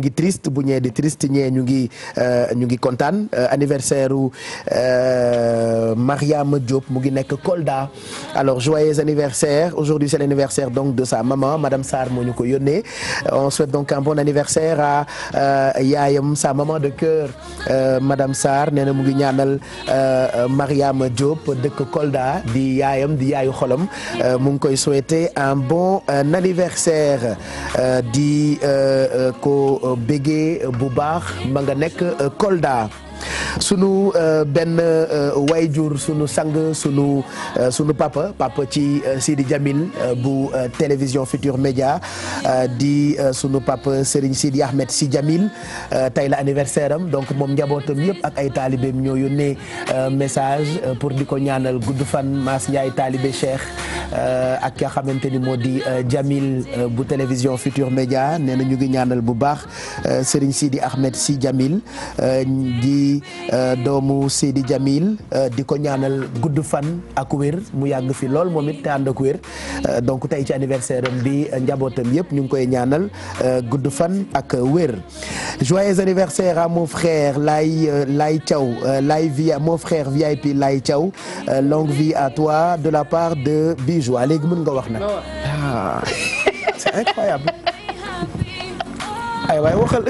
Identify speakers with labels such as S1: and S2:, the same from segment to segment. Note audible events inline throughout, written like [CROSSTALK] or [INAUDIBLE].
S1: ngi triste bu ñee di triste ñee ñu ngi euh, ñu ngi kontaan euh, anniversaire u euh, Mariama Diop mu ngi nekk Kolda alors joyeux anniversaire aujourd'hui c'est l'anniversaire donc de sa maman madame Sarr moo ñu ko yónnee on souhaite donc un bon anniversaire à yaayam sa maman de cœur madame Sarr nee na mu ngi ñaanal Mariama Diop dëkk Kolda di yaayam di yaayu xolam mu ngi koy souhaiter un bon anniversaire di ko bëggee bu baax ma nga nekk Kolda. sunu euh, benn euh, wayjur sunu sang sunu euh, sunu papa papa ci Sidi Jamil bu télévision Futur Média di sunu papa Serigne Sidi Ahmed si Jamil tey la anniversaire am donc moom njabootam yëpp ak ay taalibeem ñoo yónnee message pour di ko ñaanal gudd fan Mass Ndiaye taalibe Cheikh ak ki xamante ni moo di Jamil bu télévision Futur Média nee na ñu ngi ñaanal bu baax Serigne siidi Ahmed si Jamil di eh, doomu Seydi Jamil eh, di ko ñaanal gudd fan ak wér mu yàgg fi lool moom it te ànd ak eh, donc tey ci anniversaire am bi njabootam yëpp ñu ngi koy ñaanal gudd fan ak wér joyeux anniversaire à mon frère lay caw Thiaw Laye via mon frère VIP Laye Thiaw longue vie à toi de la part de Bijou ah, léegi mën nga wax na ah, [LAUGHS] c'est incroyable ay waay waxal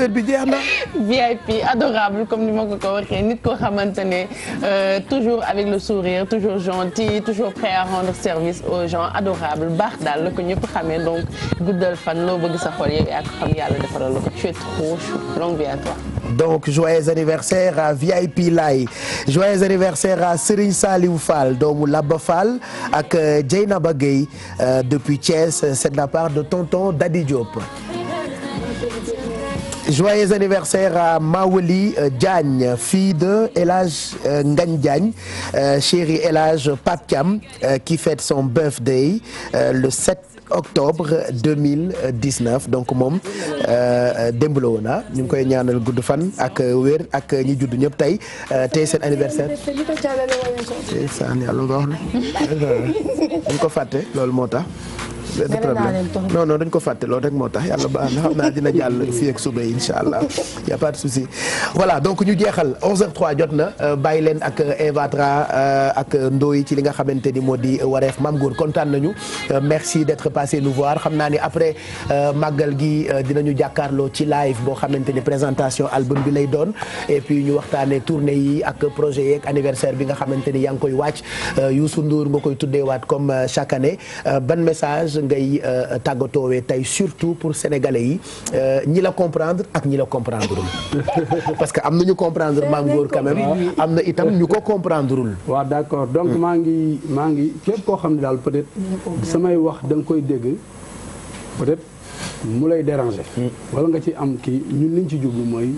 S1: adorable comme ni ma ko ko waxee nit xamante ne euh, toujours avec le sourire toujours gentil toujours prêt à rendre service aux gens adorable baax daal la ko ñëpp xamee donc guddal fan loo bëgg sa xol yow yaa ko es toi. donc joyeux anniversaire à VIP Laye joyeux anniversaire à Serigne Saliou Fall doomu Labba Fall ak euh, Dieynaba Gueye euh, depuis Thiès c'est de la part de tonton Dadi Diop. joyeux anniversaire à Mawali euh, Diagne fille de El Hadj euh, Ngagne Diagne euh, chéri El Hadj Pape Thiam qui fête son birthday le 7 octobre 2019 donc moom démb la woon ah. ñu ngi koy ñaanal gudd fan ak weer ak ñi judd ñëpp tey tey seen anniversaire. tey saan yàlla wax la. [LAUGHS] bu ko fàtte loolu moo tax. benn problème non dañ ko fàtte rek moo tax yàlla baax na xam naa dina jàll fii ak suba incha allah y' a pas voilà donc ñu jeexal 11 jot na euh, bàyyi leen ak euh, Evatra euh, ak Ndoye ci li nga xamante ni moo di wareef Mame Goor kontaan nañu merci d' être passé nous voir xam naa ni après màggal gi dinañu jàkkaarloo ci live boo xamante ni présentation album bi lay doon et puis ñu waxtaanee tournée yi ak projet yeeg anniversaire bi nga xamante ni yaa ngi koy wàcc Youssou Ndour nga koy tuddee comme chaque année ban message. ngay euh, tàggatoowee tey surtout pour sénégalais yi euh, ñi la comprendre ak
S2: ñi la comprendreul [LAUGHS] parce que am na ñu comprendre Mame Goor quand am na itam ñu ko comprendreul waaw d'accord donc hmm. maa ngi maa ngi képp koo xam ne daal peut-être samay wax da nga koy dégg peut-être mu lay déranger. Hmm. wala nga ci am kii ñun liñ ci jublu mooy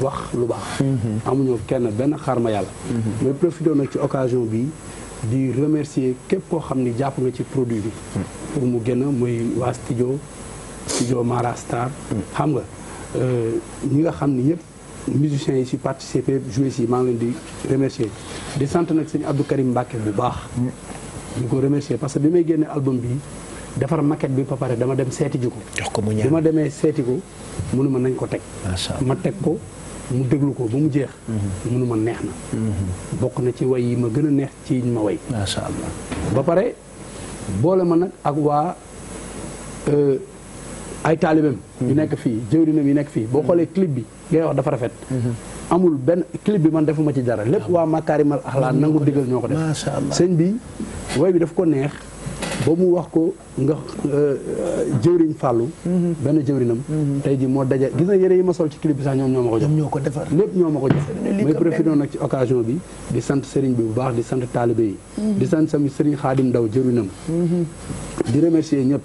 S2: wax lu baax hmm. amuñu kenn benn xarma yàlla mais profité nag ci occasion bi di remercier képp koo xam ni jàpp nga ci produit bi. Mm. pour mu gën a muy waa studio studio Mara Star. Mm. xam nga euh, ñi nga xam ni yëpp musiciens yi si participer joué maa ngi leen di remercier di sant nag sëñ Abdou Karim Mbacke bu baax. ñu mm. ko remercier parce que bi may génne album bi defar maquette bi ba pare dama dem seeti ji ko. jox ko mu ñaan bi ma demee seeti ko mënuma nañ ko teg. ma teg ko. mu déglu ko ba mu jeex. mënu mhm. ma neex na. Mhm. bokk na ci way yi ma gën a neex ci yiñ ma way. macha allah ba pare boole ma nag ak waa euh, ay taalibeem. Mhm. yu nekk fii jëwrinam yu nekk fii boo xoolee clip bi ngay wax dafa rafet. amul benn clip bi man defuma ci dara lépp ah waa Makaarimal Axlaa nangu dégal ñoo ko def. macha allah sëñ bi way bi daf ko neex. ba mu wax ko nga euh, jëwriñ fàllu mm-hmm. benn jëwriñam mm-hmm. tey ji moo daje gis na yére yi ma sol ci clip bi sax ñoom ñoo ma ko jox ñoo ko defar lépp ñoo ma ko jox may profité nag ci occasion bi di sant sëriñ bi bu baax di sant taalibe yi mm-hmm. di sant sami sëriñ xaadim daw jëwriñam di remercier ñëpp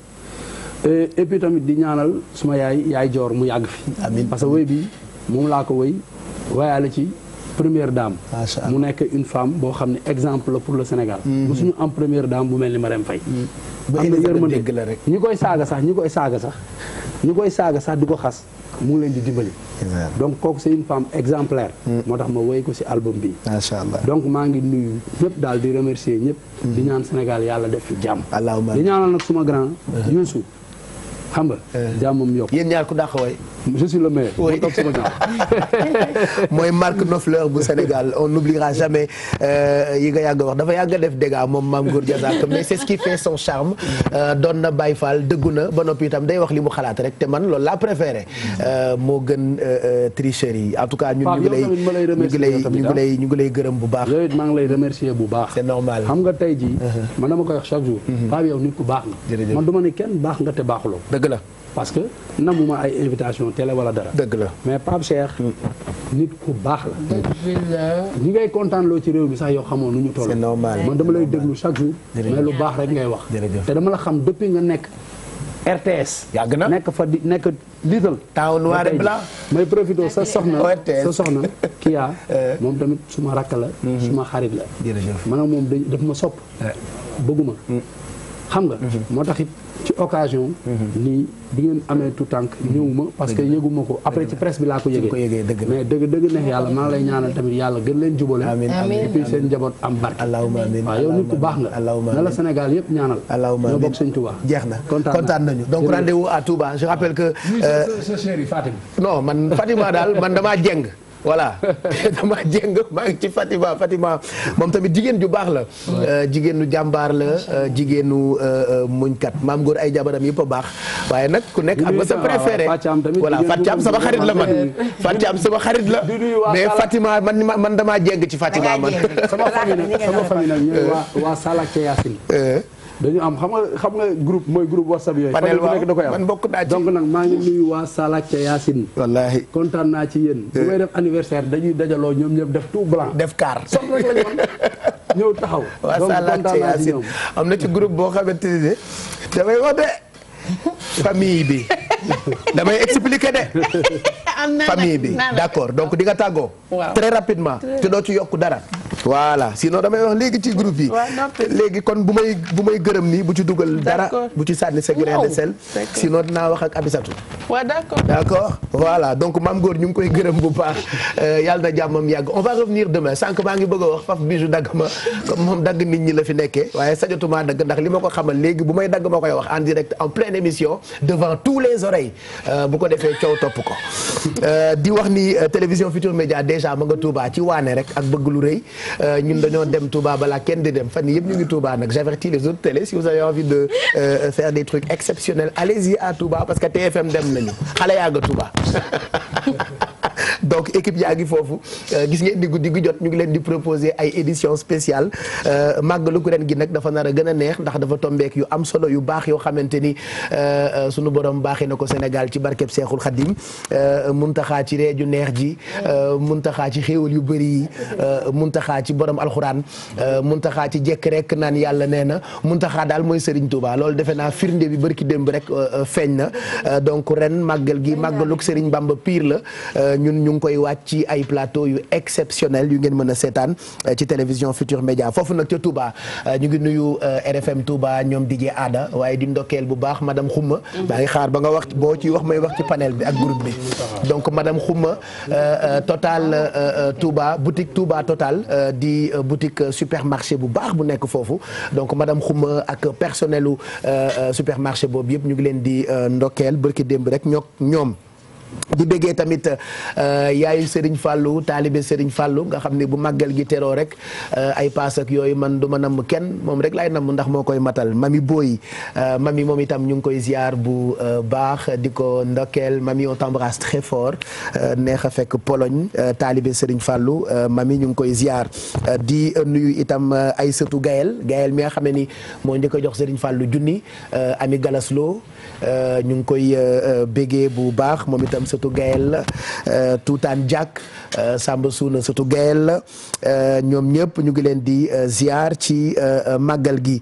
S2: eh, et tamit di ñaanal suma yaay yaay joor mu yàgg fi amiin parce que woy bi moom laa ko woy waayaale ci première dame. mu nekk une femme boo xam ne exemple la pour le Sénégal. mosuñu mm-hmm. am première dame bu mel ni Marème Faye. Mm-hmm. am na yërmande la rek ñi koy saaga sax ñi koy saaga sax ñi koy saaga sax di ko xas mu ngi leen di dimbali. donc kooku c'est une femme exemplaire. Mm-hmm. moo tax ma woy ko ci album bi. macha allah donc maa ngi nuyu ñëpp daal di remercier ñëpp. di ñaan Sénégal yàlla def fi jàmm. allahumma di ñaanal nag suma grand. Uh-huh. Youssou xam nga. Uh-huh. jàmmam yokk yéen ñaar je suis le maire. oui
S1: [LAUGHS] bu Sénégal on n'oubliera jamais euh, yi nga yàgg wax dafa yàgg def dégâts moom Mame Goor Diazaka [LAUGHS] mais c'est ce qui fait son charme euh, doon na Baye faal dëggu na ba noppi itam day wax li mu xalaat rek te man loolu laa préféré euh, moo gën tricherie yi en tout cas ñun ñu ngi lay ñu ngi lay ñu ngi lay gërëm bu
S2: baax. maa ngi lay remercier bu baax. c'est normal xam nga tey jii. Uh-huh. man dama koy wax chaque jour. Mm-hmm. Pape yow nit ku baax nga. man duma ne kenn baax nga te baaxuloo. dëgg la. parce que namuma ay invitation télé wala dara. dëgg la mais Pape Cheikh. Hmm. nit ku baax la. ñu ngay kontaan loo ci réew mi sax yow xamoon nu ñu toll. c'est normal man dama lay déglu chaque jour. mais lu baax rek ngay wax. te dama la xam depuis nga nekk. RTS. yàgg na nekk fa di nekk liital. taaw noir et blanc may profité sa soxna sa soxna kii [LAUGHS] euh. moom tamit suma rakk la. Hmm. suma xarit la. jërëjëf man ak moom daf ma sopp euh. bëgguma hmm. xam nga moo tax ci occasion. nii bi ngeen amee tout tànk ñëwuma parce que yëguma ko après ci presse bi laa ko yëgee mais dëgg dëgg neex yàlla maa ngi lay ñaanal tamit yàlla gën leen jubale et puis seen njaboot am barke waaw yow nit ku baax nga na la Sénégal yëpp ñaanal ñoo bokk sëñ Touba jeex na kontaan nañu donc rendez-vous
S1: à Touba je rappelle que euh, non man Fatima daal man damaa jeng voilà [LAUGHS] dama jéng maa ngi ci Fatima Fatima moom tamit jigéen ju baax la. Euh, jigéenu jàmbaar la euh, jigéenu euh, muñkat maam góor ay jabaram yëpp a baax waaye nag ku nekk am na sa préféré voilà Fatima sama xarit la man Fatima sama xarit la mais Fatima man man damaa jéng ci Fatima man. sama famille
S2: nag dañu am xam nga xam nga groupe mooy groupe whatsapp yooyu. panel waaw nekk da koy am donc nag maa ngi nuyu waa Salak ca Yacine. kontaan naa ci yéen. bu eh. may def anniversaire dañuy dajaloo ñoom ñëpp def tout blanc. def kaar soxna rek ñëw taxaw. waa Salak am na ci groupe boo xamante damay
S1: wax de famille bi damay expliquer de.
S3: [LAUGHS] famille bi d'accord
S1: donc di nga tàggoo. très rapidement te doo ci yokk dara. voilà sinon damay wax léegi ci groupe yi léegi kon bu may bu may gërëm nii bu ci dugal dara bu ci sànni sa grain de sel sinon dinaa wax ak Abisatu waaw d'accord d'accord voilà donc maam góor ñu ngi koy gërëm bu baax euh, yàlla na jàmmam yàgg on va revenir demain sànq maa ngi bëgg a wax faf bijou dagg ma comme moom dagg nit ñi la fi nekkee waaye sajotuma dagg ndax li ma ko xamal léegi bu may dagg ma koy wax en direct en pleine émission devant tous les oreilles euh, bu ko defee coow topp ko euh, di wax ni télévision Futur Média déjà ma nga Touba ci waane rek ak bëgg lu rëy Euh, ñun dañoo dem Touba balaa kenn di dem fan yii yëpp ñu ngi Touba nag j'avertis les autres télés si vous avez envie de euh, euh, faire des trucs exceptionnels allez-y à Touba parce que TFM dem nañu xale yaa nga Touba. [LAUGHS] donc équipe yaa ngi foofu euh, gis ngeen diggu guddi jot ñu ngi leen di proposer ay édition spéciale euh, màggalu ko ren gi nag dafa nar a gën a neex ndax dafa tombeek yu am solo yu baax yoo xamante ni euh, sunu borom baaxee na ko Sénégal ci barkeb Seexul Xadim muntaxaa ci reeju neex ji xaa ci xéewal yu bëri yi xaa ci borom alxuraan xaa ci jekk rek naan yàlla nee na xaa daal mooy Serigne Touba loolu defe naa firnde bi bërki démb rek feeñ na donc ren màggal gi màggaluk Serigne Bamba pire la ngi koy wàcc ci ay plateau yu exceptionnel yu ngeen mën a seetaan euh, ci télévision Futur Média foofu nag ca Touba euh, ñu ngi nuyu euh, RFM Touba ñoom DJ aada waaye di ndokkeel bu baax madame Xuma mhm. maa ngi xaar ba nga wax boo ci wax may wax ci panel bi ak groupe bi donc madame Xuma Total Touba boutique Touba Total di boutique supermarché bu baax bu nekk foofu donc madame Xuma ak personnelu supermarché boobu yëpp ñu ngi leen di ndokkeel bërki démb rek ñoom di bëggee tamit euh, yaayu Serigne Fallou taalibe Serigne fàllu nga xam ne bu màggal gi teroo rek euh, ay paas yooyu man du ma namm kenn moom rek laay namm ndax moo koy matal mami Boy euh, mami moom itam ñu ngi koy ziar bu baax di ko ndokkeel mami on t'embrasse neex a fekk Pologne taalibe Serigne Fallou mami ñu ngi koy ziar di nuyu itam ay sëtu Gaël Gaël mi nga xam ne ni moo njëkk jox sëriñ fàllu junni ami Galaslo ñu ngi koy bëggee bu baax itam sëtu Gaël la euh, Tuutaan Diak euh, Samba Suuna sëtu Gaël la euh, ñoom ñëpp ñu ngi leen di ziar ci màggal gi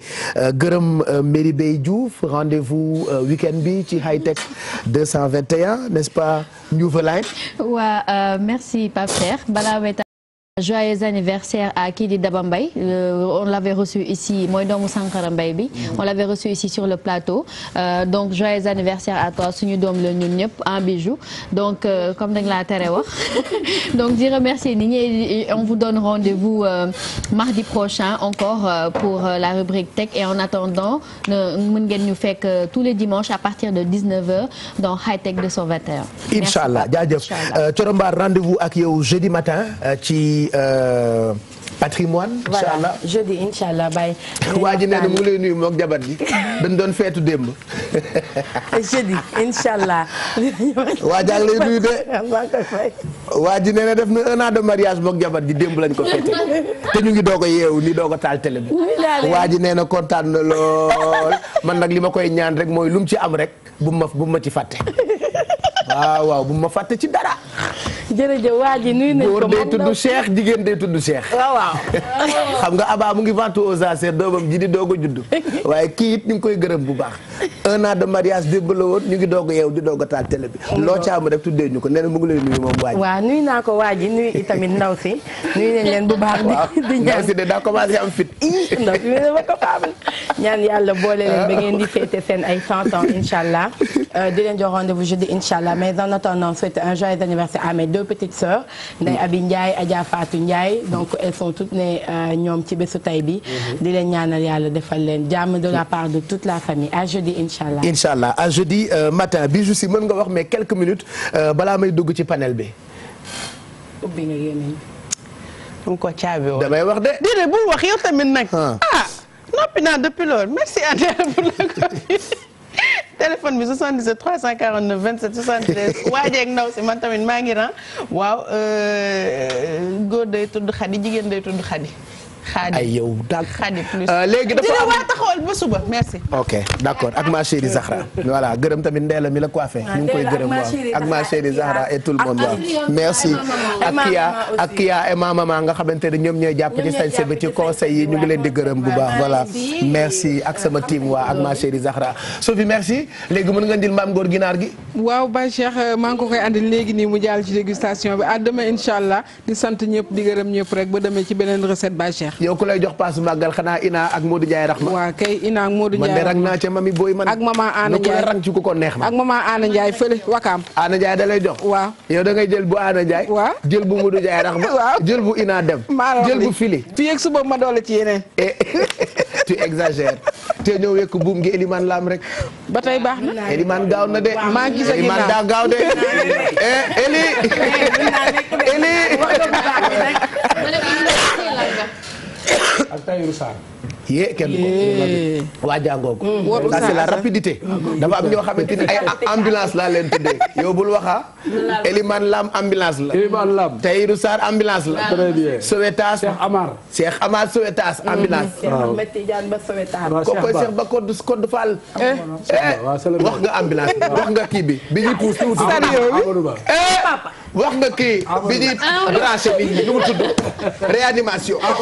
S1: gërëm Méri Bey Diouf rendez-vous bi ci Hightech 221 n'est-ce pas Ndioufalaay.
S3: waaw merci Pape Cheikh balaa joyeux anniversaire à kii di Daba Mbaye euh, on l'avait reçu ici mooy doomu Sankara Mbaye bi mm-hmm. on l'avait reçu ici sur le plateau euh, donc joyeux anniversaire à toi suñu doom le ñun ñëpp en bijou donc euh, comme dañ laa tere wax [LAUGHS] donc di remercier nit ñi on vous donne rendez-vous euh, mardi prochain encore euh, pour euh, la rubrique tech et en attendant mën ngeen ñu fekk tous les dimanches à partir de 19h dans High Tech 221
S1: inchaallah jaajëf Coro Mbar ak yow jeudi matin ci euh, patrimoine incha allah voilà jeudi incha [LAUGHS] waa ji nee na mu ngi lay nuyu moog jabar ji [LAUGHS] dañ doon feetu démb. [LAUGHS] jeudi
S3: allah. waa jaa ngi lay de.
S1: waa ji nee def na un an de mariage jabar ji démb lañ ko feete te ñu ngi doog a yeewu ni doog a taal télé bi. waa ji nee na kontaan lool man nag li ma koy ñaan rek mooy lu ci am rek bu ma bu ma ci fàtte. waaw waaw bu ma fàtte ci dara.
S3: jërëjëf waa ji nuyu nañu ko góor day tudd
S1: Cheikh jigéen day tudd Cheikh. [LAUGHS] waaw waaw. [LAUGHS] xam nga Abba mu ngi ventu aux enchères doomam ji di doog a judd. [LAUGHS] waaye kii it ñu ngi koy gërëm bu baax. un an de mariage démb la woon ñu ngi doog a yeew di doog a taal télé bi. loo ca am rek tuddee ñu ko nee na mu ngi lay nuyu moom waa ji.
S3: waaw nuyu naa ko waa ji nuyu itamit ndaw si nuyu nañ leen bu baax. di ñaan ndaw si
S1: de daa commencé am fit.
S3: ndaw si ne ma ko xaaral. ñaan yàlla boole leen ba ngeen di féete seen ay cent ans incha allah euh, di leen jox rendez-vous jeudi incha allah mais en attendant souhaite un joyeux anniversaire à mes deux deux petites sœurs Ndeye Abi Ndiaye Adja Fatou donc elles sont toutes nées euh, ñoom ci bésu tay bi mhm. di leen ñaanal yàlla defal leen jàmm de la mhm. part de toute la famille à jeudi incha allah
S1: incha allah euh, matin bi juste mën nga wax mais quelques minutes euh, balaa may dugg ci panel bi ubbi nga gémmiñ mu ko caabi woon damay wax de déedéet bul wax yow tamit nag ah, ah noppi naa depuis loolu merci Adja pour la [LAUGHS] téléphone bi 77 349 27 73 waajeeg ndaw si man tamit maa ngi ran waaw euh, góor day tudd xadi jigéen day tudd xadi ay yow daal euh, léegi dafa am war taxawal ba suba ok d' accord ak ma chérie Zahra voilà gërëm tamit Ndella mi la coiffé ah, ñu ngi koy gërëm waaw ak ma chérie Zahra et tout le monde waaw merci ak Kia ak Kia nga xamante ne ñoom ñooy jàpp ci sañse ci conseil yi ñu ngi leen di gërëm bu baax voilà merci ak sama tiim waa ak ma chérie Zahra Sophie merci léegi mën nga ndil maam góor ginaar gi waaw ba Cheikh euh, maa ngi ko koy andil léegi nii mu jaal ci dégustation bi à demain incha di sant ñëpp di gërëm ñëpp rek ba demee ci beneen recette ba Cheikh yow ku lay jox paasu màggal xanaa Ina ak Modou Ndiaye Rahma. waaw kay Ina ak Modou Ndiaye Rahma man de rang naa ca mami booy man. ak maman Ana Ndiaye lu rang ci ku ko neex ma. ak maman Ana wakaam. Ana Ndiaye da lay jox. waaw yow da ngay jël bu Ana Ndiaye. waaw jël bu [LAUGHS] [LAUGHS] fili. fii ak suba ma doole ci yeneen. Eh, [LAUGHS] tu exagères te ñëw wekk buum ngi Eliman laam rek. ba tey baax na Eliman gaaw na de. maa ngi gis ak Eliman daa gaaw eh, Eli Eli. ak Tahirou Sarr. yee kenn ko waa jàngoo ko. Mm. ça la rapidité. dafa am ñoo leen tuddee. yow waxa Elimane Lam ambulance la. Elimane Lam Tahirou ambulance la. très bien Sowetaas. Cheikh Amar
S3: mm. ambulance. waaw Cheikh Ahmed ba Sowetaas.
S1: waaw wax nga ambulance wax nga kii bi bi ñuy pousse tuuti. wax nga kii ah, bi ñuy ah, branché nit ñi réanimation ah,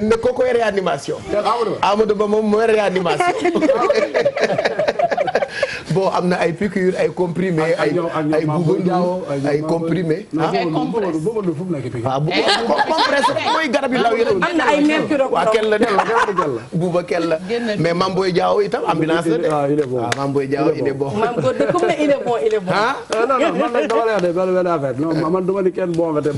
S1: ne ko koy réanimation Amadou Ba moom mooy réanimation bon am na ay piqûre ay comprimé ay ay bugandoo ay comprimé. ay compresse mooy garab yu ah, am na ay mercurochrome waaw kenn la ne la buuba kenn la mais Mame Boye Diao itam ambulance la
S2: de. waaw ah, ah, Mame Boye Diao il bon. Mame Boye
S3: comme ne il est bon il est bon. ah non non man nag dama
S2: lay wax de benn benn affaire non man duma ni kenn bon nga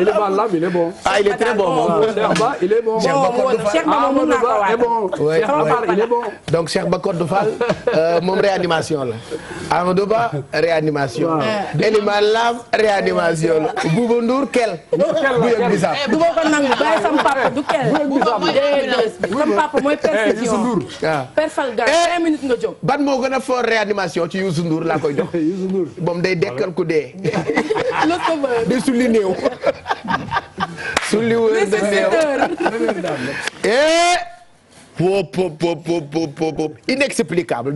S2: élément là il est bon. ah il est très bon ah, moom. Cheikh Ba il est bon. Cheikh Ba Kodou Fall Amadou Ba est bon. Cheikh Ba il est
S1: bon. donc Cheikh Ba Kodou euh, Fall moom réanimation la Amadou Ba réanimation. élément là réanimation la. Bouba Ndour kel. bu yëg bi sax. du ma ko nangu bàyyi sam papa du kel. bu yëg sam papa mooy perfusion. perfal gaz cinq minutes nga jóg. ban moo gën a fort réanimation ci Youssou Ndour laa koy jox. [LAUGHS] Youssou Ndour moom day dekkal ku dee. [LAUGHS] di sulli néew. [LAUGHS] sulli wër de meew pop pop pop pop inexplicable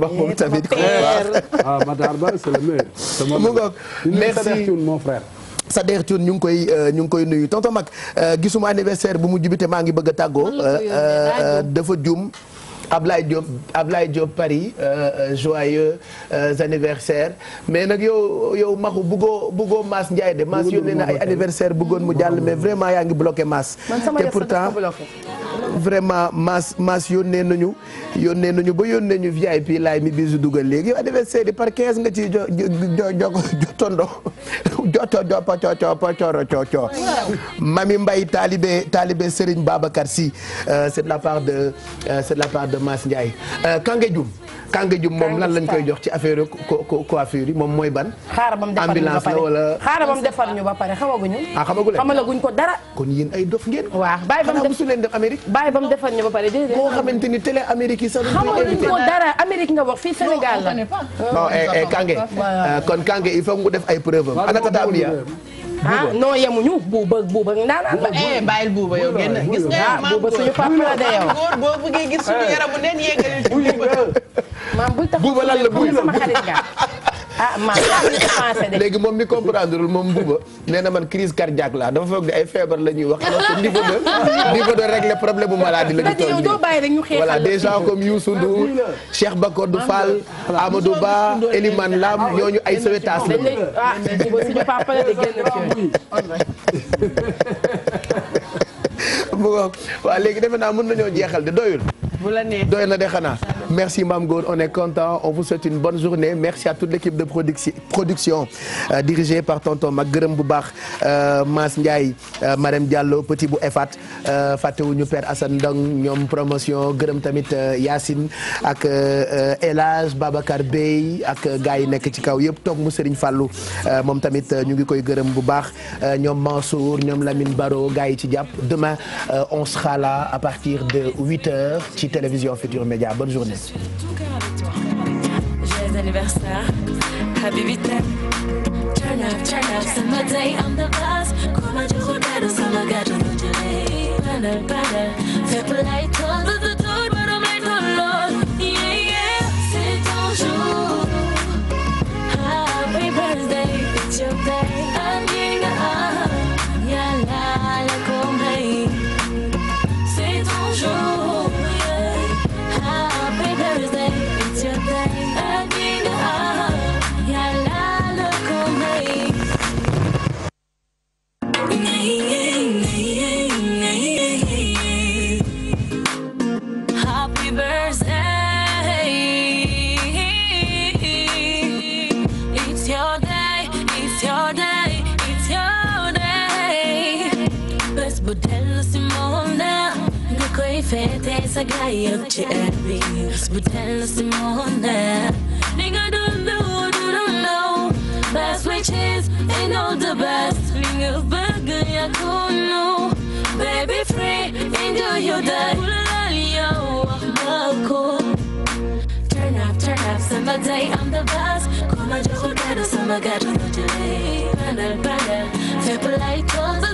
S1: Ba. moom tamit ko baax. ah Matar Ba
S2: c'est mu ngoog merci mon frère.
S1: Sader ñu ngi koy eh, ñu ngi koy nuyu tonton Mag eh, gisuma anniversaire bu mu jubite maa ngi bëgg a tàggoo. Eh, dafa juum. Ablaye Diop Ablaye Diop Paris euh, euh, joyeux euh, anniversaire mais nag yow yow maxu buggoo buggoo Mass Ndiaye de Mass yónnee na ay anniversaire bëggoon mu jàll mais vraiment yaa ngi bloqué Mass te pourtant vraiment maas maas yónnee nañu yónnee nañu ba yónnee ñu VIP laay mi bisu dugal léegi yow anniversaire yi par 15 nga ciy jo jo jo jotondo joto jopo coco coro coco. Mami Mbaye Talibé Talibé Serigne Babacar Sy euh, c'est de la part de euh, c'est de la part de Mass Ndiaye euh, Kangejoum. Kangejoum moom lan lañ koy jox ci affaire co coiffure yi moom mooy ban. xaaral ba mu defar ñu ba pare ambulance la wala. ñu ba pare xamaguñu. Ah, ko dara. kon yéen ay dof ngeen. waaw bàyyi ba mu def Amérique. bàyyi ba mu defar ñu ba pare déedéet. boo xamante ni télé Amérique yi sax duñu ko dara
S3: Amérique nga wax fii Sénégal la. bon eh, eh, Kange euh,
S1: kon Kange il faut mu def ay preuve am ana tata Amia.
S3: ah non yemuñu buuba buuba naanaan ba. eh bàyyil buuba yow génn gis nga buuba ah, suñu papa la de yow. góor boo bëggee gis suñu eh. yaramu neen
S2: yeggali ci buuba.
S3: maam buy tax buuba
S1: lan la buuba sama xarit nga ah maa [LAUGHS] ah, léegi moom mi comprendre moom buba nee na man crise cardiaque la dafa foog ne ay feebar la ñuy wax alors que niveau de [LAUGHS] niveau de régler problème bu maladie la ñu toll voilà des gens comme Youssou Ndour Cheikh Bakodou Fall Amadou Ba Elimane Lam ah, ñooñu ay sowetaas la ah, [LAUGHS] waaw léegi defe naa mën nañoo jeexal de doyul doy na de xanaa merci Mame Gor on est content on vous souhaite une bonne journée merci à toute l'équipe de production production euh, dirigée par tonton mag gërëm bu baax euh, mas Ndiaye euh, Marème Diallo petit bu EFAT euh, fàttewuñu père Assane Ndong ñoom promotion gërëm tamit Yacine ak El Hadj Babacar Bey ak gars yi nekk ci kaw yëpp toog mu seriñ Fallou moom tamit ñu ngi koy gërëm bu baax ñoom Mansour ñoom Lamine Baro gars yi ci jàpp demain on sera à partir de huit heures télévision Futur Média bonne journée.
S3: Joyeux anniversaire, happy birthday. Turn up, turn up, summer day on the bus. Kuma juhu deru sama gajah nujuri. Bandar, know the best Linguev bugün yakunu Baby free enjoy your day Ulalalia wakbako Turn up, turn up, samba day I'm the best Kuma juhu dada samba gadu nojali Panel, panel, feel polite cause